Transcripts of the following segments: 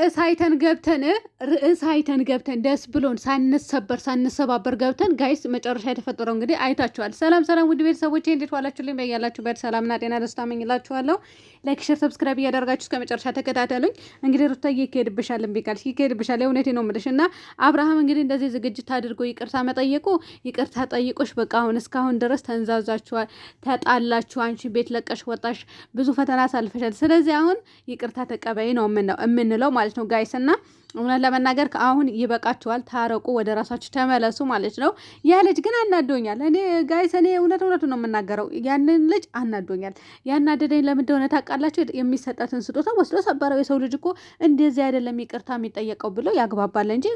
ርዕስ አይተን ገብተን ርዕስ አይተን ገብተን ደስ ብሎን ሳንሰበር ሳንሰባበር ገብተን ጋይስ፣ መጨረሻ የተፈጠረው እንግዲህ አይታችኋል። ሰላም ሰላም፣ ውድ ቤተሰቦች እንዴት ዋላችሁልኝ? በያላችሁበት ሰላምና ጤና ደስታ መኝላችኋለሁ። ላይክ፣ ሼር፣ ሰብስክራይብ እያደረጋችሁ እስከ መጨረሻ ተከታተሉኝ። እንግዲህ ሩታዬ ይካሄድብሻል፣ እምቢ ካልሽ ይካሄድብሻል። የእውነቴ ነው የምልሽ እና አብርሃም እንግዲህ እንደዚህ ዝግጅት አድርጎ ይቅርታ መጠየቁ ይቅርታ ጠይቆሽ በቃ አሁን እስካሁን ድረስ ተንዛዛችኋል፣ ተጣላችሁ፣ አንቺ ቤት ለቀሽ ወጣሽ፣ ብዙ ፈተና ሳልፈሻል። ስለዚህ አሁን ይቅርታ ተቀበይ ነው የምንለው ማለት ማለት ነው ጋይስ እና እውነት ለመናገር ከአሁን ይበቃችኋል፣ ታረቁ፣ ወደ ራሳችሁ ተመለሱ ማለት ነው። ያ ልጅ ግን አናዶኛል። እኔ ጋይስ እኔ እውነት እውነቱ ነው የምናገረው፣ ያንን ልጅ አናዶኛል። ያናደደኝ ለምን እንደሆነ ታውቃላችሁ? የሚሰጣትን ስጦታ ወስዶ ሰበረው። የሰው ልጅ እኮ እንደዚህ አይደለም ይቅርታ የሚጠየቀው ብሎ ያግባባል እንጂ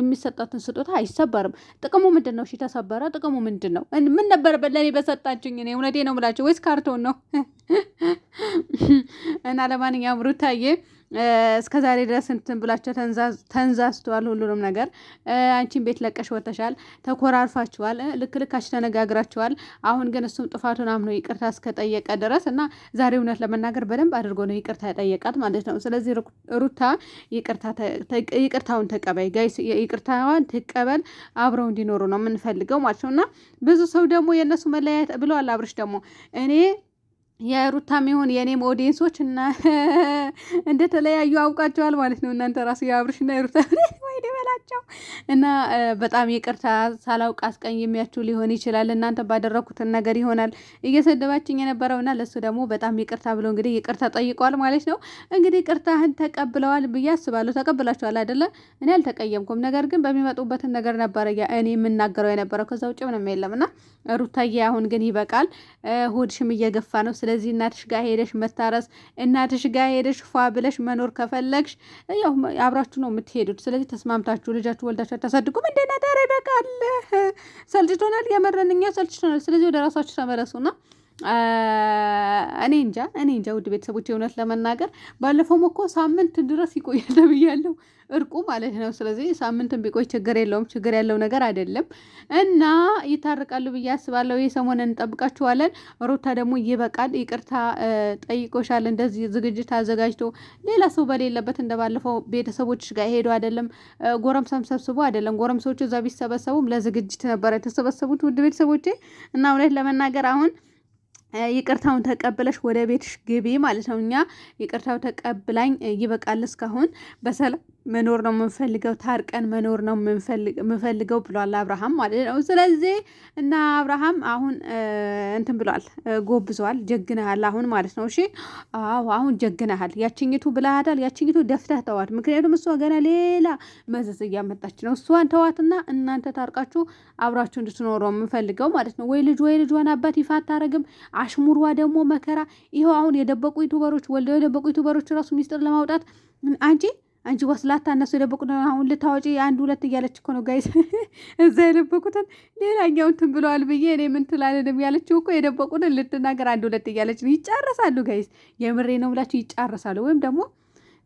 የሚሰጣትን ስጦታ አይሰበርም። ጥቅሙ ምንድን ነው? እሺ ተሰበረ፣ ጥቅሙ ምንድን ነው? ምን ነበረበት ለእኔ በሰጣችሁኝ? እኔ እውነቴ ነው የምላችሁ ወይስ ካርቶን ነው? እና ለማንኛውም ሩታዬ እስከ ዛሬ ድረስ እንትን ብላቸው ተንዛዝተዋል። ሁሉንም ነገር አንቺን ቤት ለቀሽ ወተሻል፣ ተኮራርፋችኋል፣ ልክ ልካችሁ ተነጋግራችኋል። አሁን ግን እሱም ጥፋቱን አምኖ ይቅርታ እስከጠየቀ ድረስ እና ዛሬ እውነት ለመናገር በደንብ አድርጎ ነው ይቅርታ የጠየቃት ማለት ነው። ስለዚህ ሩታ ይቅርታውን ተቀበይ፣ ይቅርታዋን ትቀበል፣ አብረው እንዲኖሩ ነው የምንፈልገው ማለት ነው እና ብዙ ሰው ደግሞ የእነሱ መለያየት ብለዋል። አብርሽ ደግሞ እኔ የሩታም ይሁን የእኔም ኦዲየንሶች እና እንደተለያዩ አውቃቸዋል ማለት ነው። እናንተ ራሱ የአብርሽና የሩታ ወይ በላቸው እና በጣም ይቅርታ ሳላውቅ የሚያችሁ ሊሆን ይችላል። እናንተ ባደረኩትን ነገር ይሆናል እየሰደባችኝ የነበረው እና ለእሱ ደግሞ በጣም ይቅርታ ብሎ እንግዲህ ይቅርታ ጠይቋል ማለት ነው። እንግዲህ ይቅርታህን ተቀብለዋል ብዬ አስባለሁ። ተቀብላችኋል አይደለ? እኔ አልተቀየምኩም፣ ነገር ግን በሚመጡበትን ነገር ነበረ እኔ የምናገረው የነበረው ከዛ ውጭ ምንም የለም እና ሩታዬ፣ አሁን ግን ይበቃል። ሆድሽም እየገፋ ነው ስለዚህ እናትሽ ጋር ሄደሽ መታረስ፣ እናትሽ ጋር ሄደሽ ፏ ብለሽ መኖር ከፈለግሽ ያው አብራችሁ ነው የምትሄዱት። ስለዚህ ተስማምታችሁ ልጃችሁ ወልዳችሁ አታሳድጉም። እንደና ዳር ይበቃል። ሰልችቶናል፣ የመረንኛ ሰልችቶናል። ስለዚህ ወደ ራሳችሁ ተመለሱና እኔ እንጃ እኔ እንጃ። ውድ ቤተሰቦች የእውነት ለመናገር ባለፈውም እኮ ሳምንት ድረስ ይቆያል ብያለሁ፣ እርቁ ማለት ነው። ስለዚህ ሳምንትን ቢቆይ ችግር የለውም፣ ችግር ያለው ነገር አይደለም እና ይታርቃሉ ብዬ አስባለሁ። የሰሞን እንጠብቃችኋለን። ሩታ ደግሞ ይበቃል፣ ይቅርታ ጠይቆሻል፣ እንደዚህ ዝግጅት አዘጋጅቶ ሌላ ሰው በሌለበት እንደ ባለፈው ቤተሰቦች ጋር ሄዶ አይደለም፣ ጎረምሳም ሰብስቦ አይደለም። ሰዎች እዛ ቢሰበሰቡም ለዝግጅት ነበር የተሰበሰቡት ውድ ቤተሰቦቼ እና እውነት ለመናገር አሁን ይቅርታውን ተቀብለሽ ወደ ቤትሽ ግቢ ማለት ነው። እኛ ይቅርታው ተቀብላኝ ይበቃል እስካሁን በሰላም መኖር ነው የምንፈልገው፣ ታርቀን መኖር ነው የምንፈልገው ብሏል አብርሃም ማለት ነው። ስለዚህ እና አብርሃም አሁን እንትን ብሏል፣ ጎብዘዋል፣ ጀግነሃል አሁን ማለት ነው። እሺ አዎ አሁን ጀግነሃል። ያችኝቱ ብላሃዳል፣ ያችኝቱ ደፍተህ ተዋት። ምክንያቱም እሷ ገና ሌላ መዘዝ እያመጣች ነው። እሷን ተዋትና እናንተ ታርቃችሁ አብራችሁ እንድትኖረው የምንፈልገው ማለት ነው። ወይ ልጅ ወይ ልጇን አባት ይፋ አታረግም። አሽሙሯ ደግሞ መከራ ይኸው አሁን የደበቁ ዩቱበሮች ወልደው የደበቁ ዩቱበሮች ራሱ ሚስጥር ለማውጣት አንቺ አንቺ ወስላታ እነሱ ነው። አሁን ልታወጪ አንድ ሁለት እያለች እኮ ነው ጋይስ። እዛ የደበቁትን ሌላኛው እንትን ብለዋል ብዬ እኔ ምን ትላለንም ያለችው እኮ የደበቁትን ልትናገር አንድ ሁለት እያለች ነው። ይጨርሳሉ ጋይስ፣ የምሬ ነው ብላችሁ ይጫረሳሉ። ወይም ደግሞ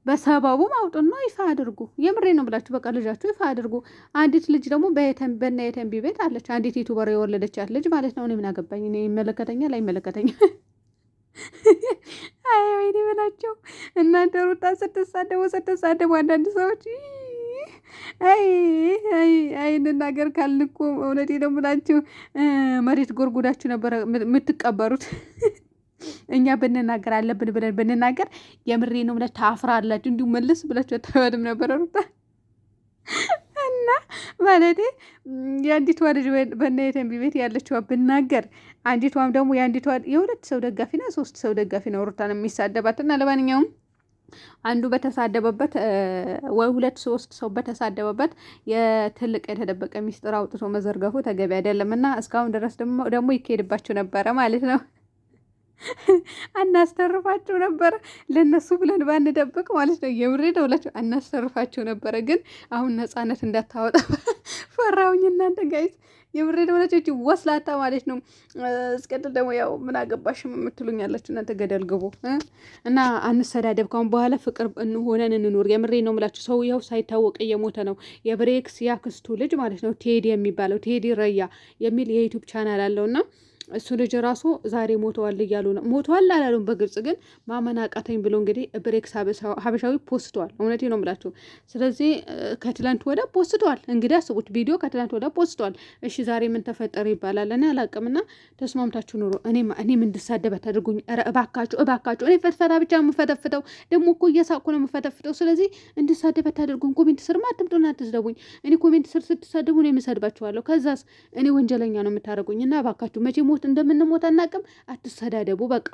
በሰበቡ አውጡና ይፋ አድርጉ። የምሬ ነው ብላችሁ በቃ ልጃችሁ ይፋ አድርጉ። አንዲት ልጅ ደግሞ በና የተንቢ ቤት አለች፣ አንዲት ዩቱበር የወለደቻት ልጅ ማለት ነው። እኔ ምን አገባኝ? እኔ ይመለከተኛል አይመለከተኛል አይ ወይኔ በላቸው እናንተ ሩጣ ስትሳደቡ ስትሳደቡ አንዳንድ ሰዎች አይ እንናገር ካልን እኮ እውነቴ ነው የምላችሁ መሬት ጎርጉዳችሁ ነበረ የምትቀበሩት። እኛ ብንናገር አለብን ብለን ብንናገር የምሬ ነው ብላችሁ ታፍራላችሁ። እንዲሁ መልስ ብላችሁ አታዩንም ነበረ ሩጣ እና ማለት የአንዲቷ ልጅ በእነ የተንቢ ቤት ያለችዋ ብናገር አንዲቷም ደግሞ የአንዲቷ የሁለት ሰው ደጋፊ ና ሶስት ሰው ደጋፊ ነው ሩታን የሚሳደባት እና ለማንኛውም አንዱ በተሳደበበት ወይ ሁለት ሶስት ሰው በተሳደበበት የትልቅ የተደበቀ ሚስጥር አውጥቶ መዘርገፉ ተገቢ አይደለም እና እስካሁን ድረስ ደግሞ ይካሄድባቸው ነበረ ማለት ነው። አናስተርፋቸው ነበረ። ለእነሱ ብለን ባንደብቅ ማለት ነው። የምሬ ደውላቸው አናስተርፋቸው ነበረ። ግን አሁን ነፃነት እንዳታወጣ ፈራውኝ። እናንተ ጋይዝ የምሬ ደውላቸው እጅ ወስላታ ማለት ነው። እስቀጥል ደግሞ ያው ምን አገባሽም የምትሉኝ ያላችሁ እናንተ ገደል ግቡ እና አንሰዳደብ። ካሁን በኋላ ፍቅር እንሆነን እንኑር። የምሬ ነው ምላቸው። ሰው ያው ሳይታወቅ እየሞተ ነው። የብሬክስ ያክስቱ ልጅ ማለት ነው ቴዲ የሚባለው ቴዲ ረያ የሚል የዩቱብ ቻናል አለው እና እሱ ልጅ ራሱ ዛሬ ሞተዋል እያሉ ነው። ሞተዋል አላሉም በግልጽ ግን ማመን አቃተኝ ብሎ እንግዲህ ብሬክስ ሀበሻዊ ፖስተዋል። እውነቴ ነው የምላችሁ። ስለዚህ ከትላንት ወደ ፖስተዋል እንግዲህ አስቡት፣ ቪዲዮ ከትላንት ወደ ፖስተዋል። እሺ ዛሬ ምን ተፈጠረ ይባላል። እኔ አላቅምና ተስማምታችሁ ኑሮ እኔም እንድሳደብ አታድርጉኝ። ኧረ እባካችሁ እባካችሁ። እኔ ፈትፈታ ብቻ የምፈተፍተው ደግሞ እኮ እየሳቅኩ ነው የምፈተፍተው። ስለዚህ እንድሳደብ አታድርጉኝ። ኮሜንት ስር አትምጡና አትስደቡኝ። እኔ ኮሜንት ስር ስትሳደቡ ነው የምሰድባችኋለሁ። ከዛስ እኔ ወንጀለኛ ነው የምታደርጉኝ እና እባካችሁ መቼ ሞት እንደምንሞት አናቅም። አትሰዳደቡ። በቃ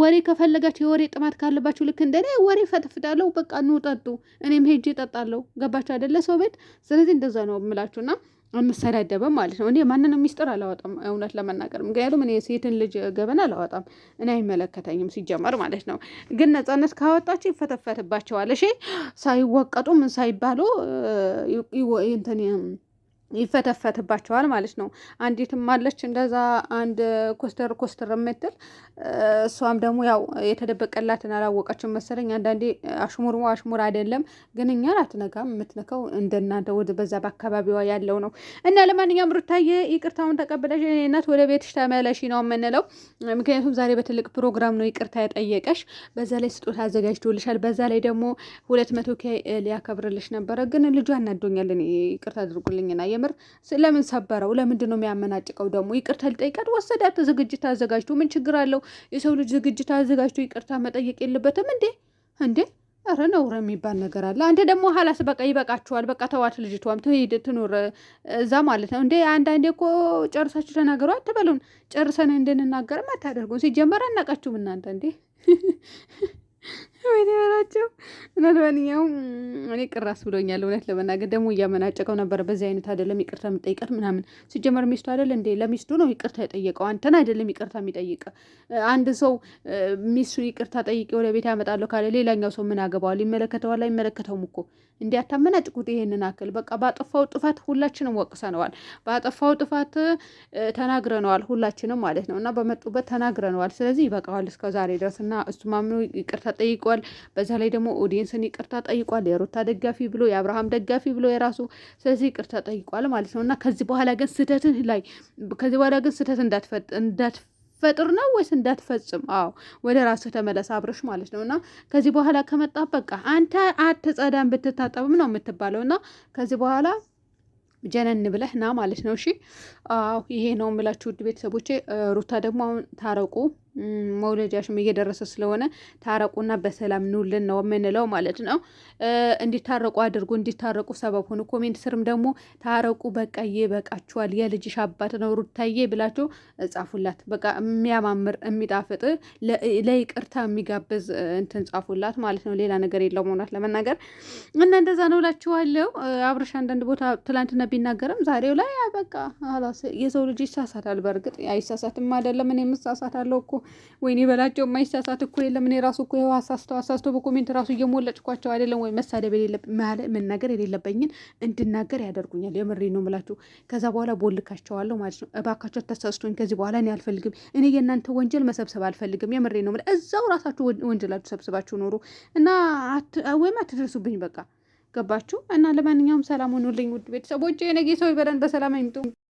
ወሬ ከፈለጋችሁ የወሬ ጥማት ካለባችሁ ልክ እንደ ወሬ ፈጥፍጣለሁ። በቃ እንውጠጡ፣ እኔም ሄጅ እጠጣለሁ። ገባችሁ አይደለ ሰው ቤት። ስለዚህ እንደዛ ነው የምላችሁና አንሰዳደበም ማለት ነው። እኔ ማንንም ሚስጥር አላወጣም እውነት ለመናገር ምክንያቱም እኔ ሴትን ልጅ ገበና አላወጣም፣ እኔ አይመለከተኝም ሲጀመር ማለት ነው። ግን ነጻነት ካወጣቸው ይፈተፈትባቸዋል። እሺ ሳይወቀጡ ምን ሳይባሉ እንትን ይፈተፈትባቸዋል ማለት ነው። አንዲትም አለች እንደዛ አንድ ኮስተር ኮስተር የምትል እሷም ደግሞ ያው የተደበቀላትን አላወቀችም መሰለኝ። አንዳንዴ አሽሙር አሽሙር አይደለም ግን እኛን አትነካም። የምትነካው እንደናንተ ወደ በዛ በአካባቢዋ ያለው ነው እና ለማንኛውም ሩታዬ ይቅርታውን ተቀብለሽ እናት ወደ ቤትሽ ተመለሺ ነው የምንለው። ምክንያቱም ዛሬ በትልቅ ፕሮግራም ነው ይቅርታ የጠየቀሽ። በዛ ላይ ስጦታ አዘጋጅቶልሻል። በዛ ላይ ደግሞ ሁለት መቶ ኬ ሊያከብርልሽ ነበረ። ግን ልጇ አናዶኛል። ይቅርታ አድርጉልኝና የምር ለምን ሰበረው? ለምንድን ነው የሚያመናጭቀው? ደግሞ ይቅርታ ሊጠይቃት ወሰዳት። ዝግጅት አዘጋጅቶ ምን ችግር አለው? የሰው ልጅ ዝግጅት አዘጋጅቶ ይቅርታ መጠየቅ የለበትም እንዴ? እንዴ ኧረ ነውር የሚባል ነገር አለ። አንተ ደግሞ ሀላስ በቃ ይበቃችኋል፣ በቃ ተዋት፣ ልጅቷም ትሂድ ትኑር እዛ ማለት ነው እንዴ። አንዳንዴ እኮ ጨርሳችሁ ተናገሩ አትበሉን። ጨርሰን እንድንናገርም አታደርጉን። ሲጀመር አናቃችሁም እናንተ እንዴ። ወይኔ በላቸው። ለማንኛውም እኔ ቅራስ ብሎኛል። እውነት ለመናገር ደግሞ እያመናጨቀው ነበረ። በዚህ አይነት አይደለም ይቅርታ የምጠይቀት ምናምን። ሲጀመር ሚስቱ አይደል እንዴ? ለሚስቱ ነው ይቅርታ የጠየቀው፣ አንተን አይደለም ይቅርታ የሚጠይቀ። አንድ ሰው ሚስቱን ይቅርታ ጠይቄ ወደ ቤት ያመጣለሁ ካለ ሌላኛው ሰው ምን አገባዋል? ይመለከተዋል? አይመለከተውም እኮ እንዲህ አታመናጭቁት። ይሄንን አክል በቃ ባጠፋው ጥፋት ሁላችንም ወቅሰነዋል። ባጠፋው ጥፋት ተናግረነዋል፣ ሁላችንም ማለት ነው እና በመጡበት ተናግረነዋል። ስለዚህ ይበቃዋል እስከ ዛሬ ድረስ እና እሱ ማምኑ ይቅርታ ጠይቀዋል። በዛ ላይ ደግሞ ኦዲየንስ የመስፍን ይቅርታ ጠይቋል፣ የሩታ ደጋፊ ብሎ የአብርሃም ደጋፊ ብሎ የራሱ ስለዚህ ይቅርታ ጠይቋል ማለት ነው። እና ከዚህ በኋላ ግን ስህተትን ላይ ከዚህ በኋላ ግን ስህተት እንዳትፈጥ ፈጥር ነው ወይስ እንዳትፈጽም? አዎ ወደ ራስህ ተመለስ አብርሽ ማለት ነው። እና ከዚህ በኋላ ከመጣ በቃ አንተ አትጸዳም ብትታጠብም ነው የምትባለው። እና ከዚህ በኋላ ጀነን ብለህ ና ማለት ነው። እሺ፣ አዎ ይሄ ነው የምላችሁ ውድ ቤተሰቦቼ። ሩታ ደግሞ አሁን ታረቁ መውለጃሽም እየደረሰ ስለሆነ ታረቁና በሰላም ኑልን ነው የምንለው ማለት ነው። እንዲታረቁ አድርጉ፣ እንዲታረቁ ሰበብ ሁኑ። ኮሜንት ስርም ደግሞ ታረቁ፣ በቃ ይበቃችኋል፣ የልጅሽ አባት ነው ሩታዬ ብላችሁ ጻፉላት። በቃ የሚያማምር የሚጣፍጥ ለይቅርታ የሚጋብዝ እንትን ጻፉላት ማለት ነው። ሌላ ነገር የለውም እውነት ለመናገር እና እንደዛ ነው እላችኋለሁ። አብረሽ አንዳንድ ቦታ ትላንትና ቢናገርም ዛሬው ላይ በቃ የሰው ልጅ ይሳሳታል። በእርግጥ አይሳሳትም አይደለም፣ እኔም እሳሳታለሁ እኮ ወይኔ በላቸው የማይሳሳት እኮ የለም። እኔ ራሱ እኮ ይኸው አሳስተው አሳስተው በኮሜንት ራሱ እየሞለጭኳቸው አይደለም ወይ መሳደብ የሌለ መናገር የሌለበኝን እንድናገር ያደርጉኛል። የምሬ ነው ምላችሁ። ከዛ በኋላ ቦልካቸዋለሁ ማለት ነው። እባካቸው ተሳስቶኝ ከዚህ በኋላ እኔ አልፈልግም። እኔ የእናንተ ወንጀል መሰብሰብ አልፈልግም። የምሬ ነው እዛው ራሳችሁ ወንጀላችሁ ሰብስባችሁ ኖሩ እና ወይም አትደርሱብኝ። በቃ ገባችሁ እና ለማንኛውም ሰላም ሆኑልኝ ውድ ቤተሰቦች። የነጌ ሰው ይበለን፣ በሰላም አይምጡ።